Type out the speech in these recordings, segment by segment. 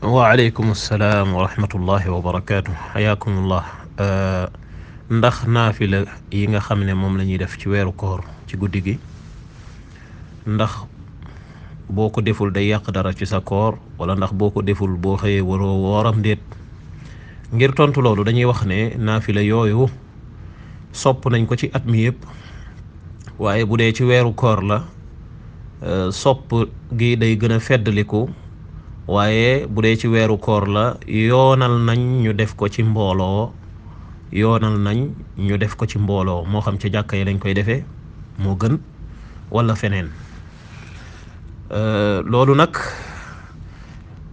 waaleykum salaam wa rahmatullahi wa barakaatu xayaakumullah ndax naafila yi nga xam ne moom la ñuy def ci weeru koor ci guddi gi ndax boo ko deful day yàq dara ci sa koor wala ndax boo ko deful boo xëyee waroo wooram déet ngir tontu loolu dañuy wax ne naafila yooyu sopp nañ ko ci at mi yëpp waaye bu dee ci weeru koor la sopp gi day gën a feddaliku waaye bu dee ci weeru koor la yoonal nañ ñu def ko ci mbooloo yoonal nañ ñu def ko ci mbooloo moo xam ci jàkka yi lañ koy defee moo gën walla feneen euh, loolu nag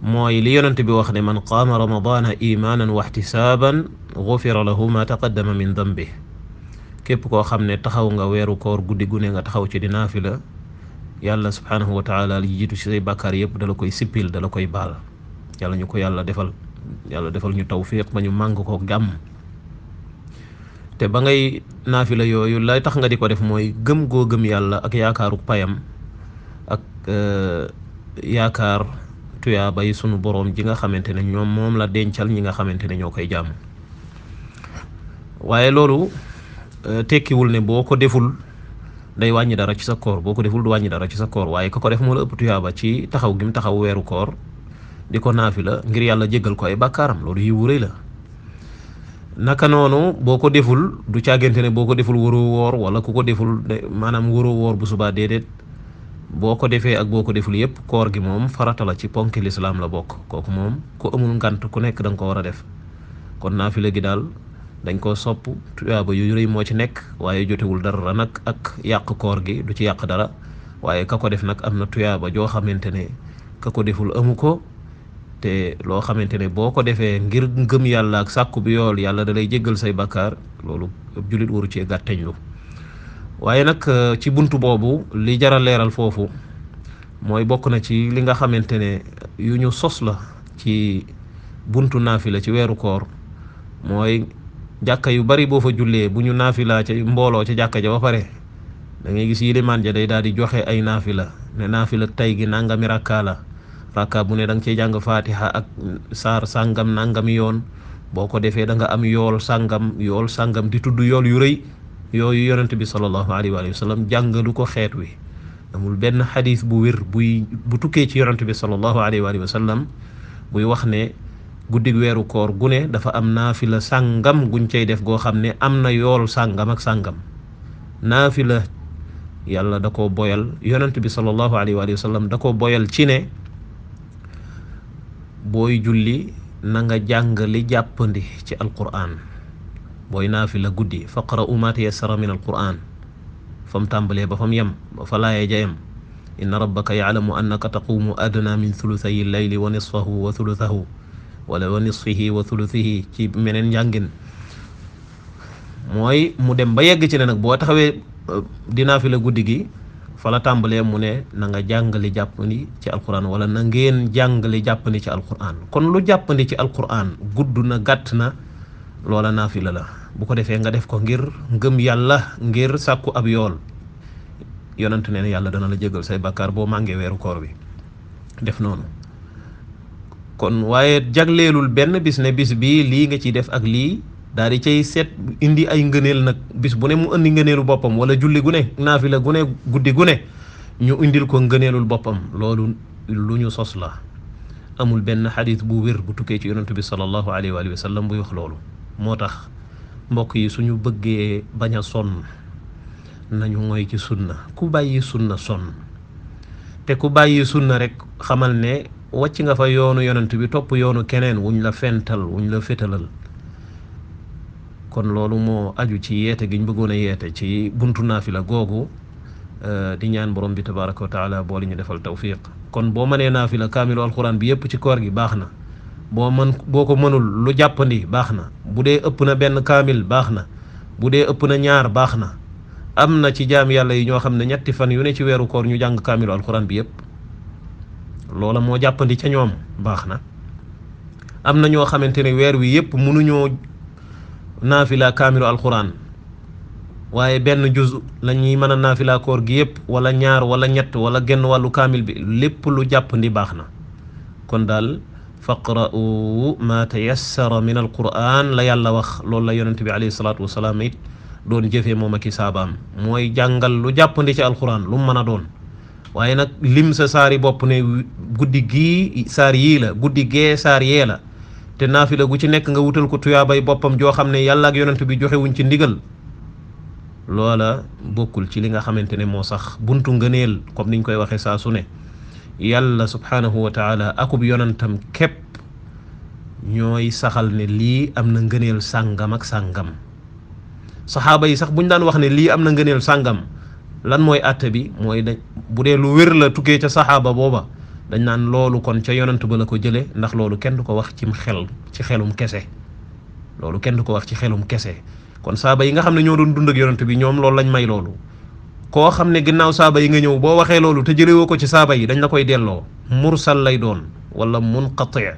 mooy li yonent bi wax ne man qaama ramadaana imaanan wa ixtisaaban gufira lahu ma taqaddama min dambi képp koo xam ne taxaw nga weeru koor guddi gu ne nga taxaw ci di naafila yàlla subhaanahu wa taala li jiitu ci say bàkkaar yëpp dala koy sippil dala koy baal yàlla ñu ko yàlla defal yàlla defal ñu tawfiq ba ñu màng ko gàmm te ba ngay naafila yooyu lay tax nga di ko def mooy gëm goo gëm yàlla ak yaakaaru payam ak euh, yaakaar tuyaaba yi sunu boroom ji nga xamante ne ñoom moom la dencal ñi nga xamante ne ñoo koy jàmm waaye loolu euh, tekkiwul ne boo ko deful day wàññi dara ci sa koor boo ko deful du wàññi dara ci sa koor waaye ka ko def moo la ëpp tuyaaba ci taxaw gi mu taxaw weeru koor di ko naafi la ngir yàlla jéggal ko ay bàkkaaram loolu yiwu rëy la naka noonu boo ko deful du càggante ne boo ko deful waroo woor wala ku ko deful maanaam waroo woor bu subaa déedéet boo ko defee ak boo ko deful yëpp koor gi moom farata la ci ponk lislaam la bokk kooku moom ku amul ngant ku nekk da nga ko war a def dañ ko sopp tuyaaba yu rëy moo ci nekk waaye jotewul dara nag ak yàq koor gi du ci yàq dara waaye ka ko def nag am na tuyaaba joo xamante ne ka ko deful amu ko te loo xamante ne boo ko defee ngir ngëm yàlla ak sàkku bi yool yàlla da lay say bakkaar loolu jullit waru cee gàtteñlu waaye nag euh, ci buntu boobu li jaral leeral foofu mooy bokk na ci li nga xamante ne yu ñu sos la ci buntu naafi la ci weeru koor mooy jakka yu bari bo fa julle buñu nafila ci mbolo ci jakka ja ba pare da ngay gis yilimaan ja day daal di joxe ay nafila ne nafila tay gi nangami rakala rakka bu ne dang ci jang fatiha ak saar sangam nangami yon boko ko da nga am yol sangam yol sangam di tuddu yol yu reuy yoyu yaronte bi sallallahu alaihi wa sallam ko xet wi amul ben hadith bu wér bu tukke ci yaronte bi sallallahu alaihi wa sallam buy wax ne guddi weeru koor gu ne dafa am naafila sàngam guñ cay def goo xam ne am na yool sàngam ak sàngam naafila yàlla da koo boyal yonent bi sallallahu alayhi wa sallam da koo boyal ci ne booy julli na nga jàng li jàppandi ci alquran booy naafila guddi faqra'u ma tayassara min alquran fa mu tàmbalee ba fa mu yem ba fa laaya ja yem inna rabbaka ya'lamu annaka taqumu adna min thuluthayi llayli wa nisfahu wa thuluthahu wala wa nisfihi wa thuluthihi ci meneen njàngin mooy mu dem ba yegg ci ne nag boo taxawee euh, dinaa fi la guddi gi fala la tàmbalee mu ne na nga jàngali jàppandi ci alquran wala na jàngale jàngali jàppandi ci alquran kon lu jàppandi ci alquran gudd na gàtt na loola naafila la bu ko defee nga def ko ngir ngëm yàlla ngir sàkku ab yool yonent nee na yàlla dana la jégal say bàkkaar boo màngee weeru koor bi def noonu kon waaye jagleelul benn bis ne bis bii lii nga ciy def ak lii daal di cay seet indi ay ngëneel nag bis bu ne mu indi ngëneelu boppam wala julli gune ne naafila gu guddi gu ñu indil ko ngëneelul boppam loolu lu ñu sos la amul benn xadis bu wér bu tukkee ci yonentu bi sallallahu alayhi wa sallam buy wax loolu moo tax mbokk yi suñu bëggee bañ a sonn nañu mooy ci sunna ku bàyyi sunna sonn te ku bàyyi sunna rekk xamal ne wàcc nga fa yoonu yonent bi topp yoonu keneen wu ñu la fental wuñ la fétalal kon loolu moo aju ci yeete gi ñu bëggoon a yeete ci buntu naafila googu euh, di ñaan borom bi tabaraka wa taala boole ñu defal tawfiq kon boo mënee naafila kaamilu alquran bi yëpp ci koor gi baax na boo mën boo ko mënul lu jàppandi baax na bu dee ëpp na benn kaamil baax na bu dee ëpp na ñaar baax na am na ci jaam yàlla yi ñoo xam ne ñetti fan yu ne ci weeru koor ñu jàng kaamilu bi yëpp loola moo jàppandi ca ñoom baax na am na ñoo xamante ne weer wi yépp mënuñoo naafila kaamilu alquran waaye benn juz lañuy ñuy mën a naafila koor gi yépp wala ñaar wala ñett wala genn wàllu kaamil bi lépp lu jàppandi baax na kon daal faqra'u ma tayassara min alquran la yàlla wax loolu la bi alayhi salatu wasalaam it doon jëfee moom ak i saabaam mooy jàngal lu jàppandi ci alquran lu mën a doon waaye nag lim sa saari bopp ne guddi gii saar yii la guddi gee saar yee la te naafila gu ci nekk nga wutal ko tuyaabay boppam joo xam ne yàlla ak yonent bi joxewuñ ci ndigal loola bokkul ci li nga xamante ne moo sax buntu ngëneel comme niñ koy waxee saa su ne yàlla subhaanahu wa taala akub yonentam képp ñooy saxal ne lii am na ngëneel sàngam ak sàngam saxaaba yi sax buñ daan wax ne lii am na ngëneel sàngam lan mooy àtte bi mooy dañ bu dee lu wér la tukkee ca saxaaba booba dañ naan loolu kon ca yonent ba la ko jëlee ndax loolu kenn du ko wax cim xel ci xelum kese loolu kenn ko wax ci xelum kese kon saaba yi nga xam ne ñoo doon dund ak bi ñoom loolu lañ may loolu koo xam ne ginnaaw saaba yi nga ñëw boo waxee loolu te jëlewoo ko ci saaba yi dañ la koy delloo mursal lay doon wala munqati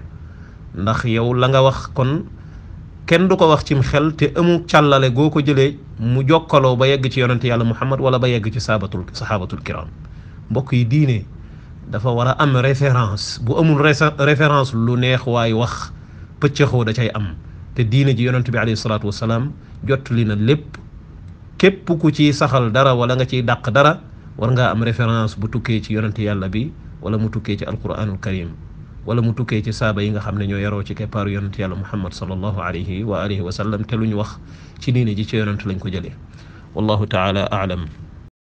ndax yow la nga wax kon kenn du ko wax cim xel te amu càllale goo ko jëlee mu jokkaloo ba yegg ci yonente yàlla muhammad wala ba yegg ci saabatul saxaabatul kiram mbokk yi diine dafa war a am référence bu amul référence lu neex waay wax pëccëxoo da cay am te diine ji yonent bi alayhi salaatu wasalaam jottali na lépp képp ku ciy saxal dara wala nga ciy dàq dara war ngaa am référence bu tukkee ci yonent yàlla bi wala mu tukkee ci alquranul karim wala mu tukkee ci saaba yi nga xam ne ñoo yaroo ci keppaaru yonent yàlla muhammad sallallahu alayhi wa alihi wa sallam te luñ wax ci diine ji ci yonent ko jëlee wallahu taala aalam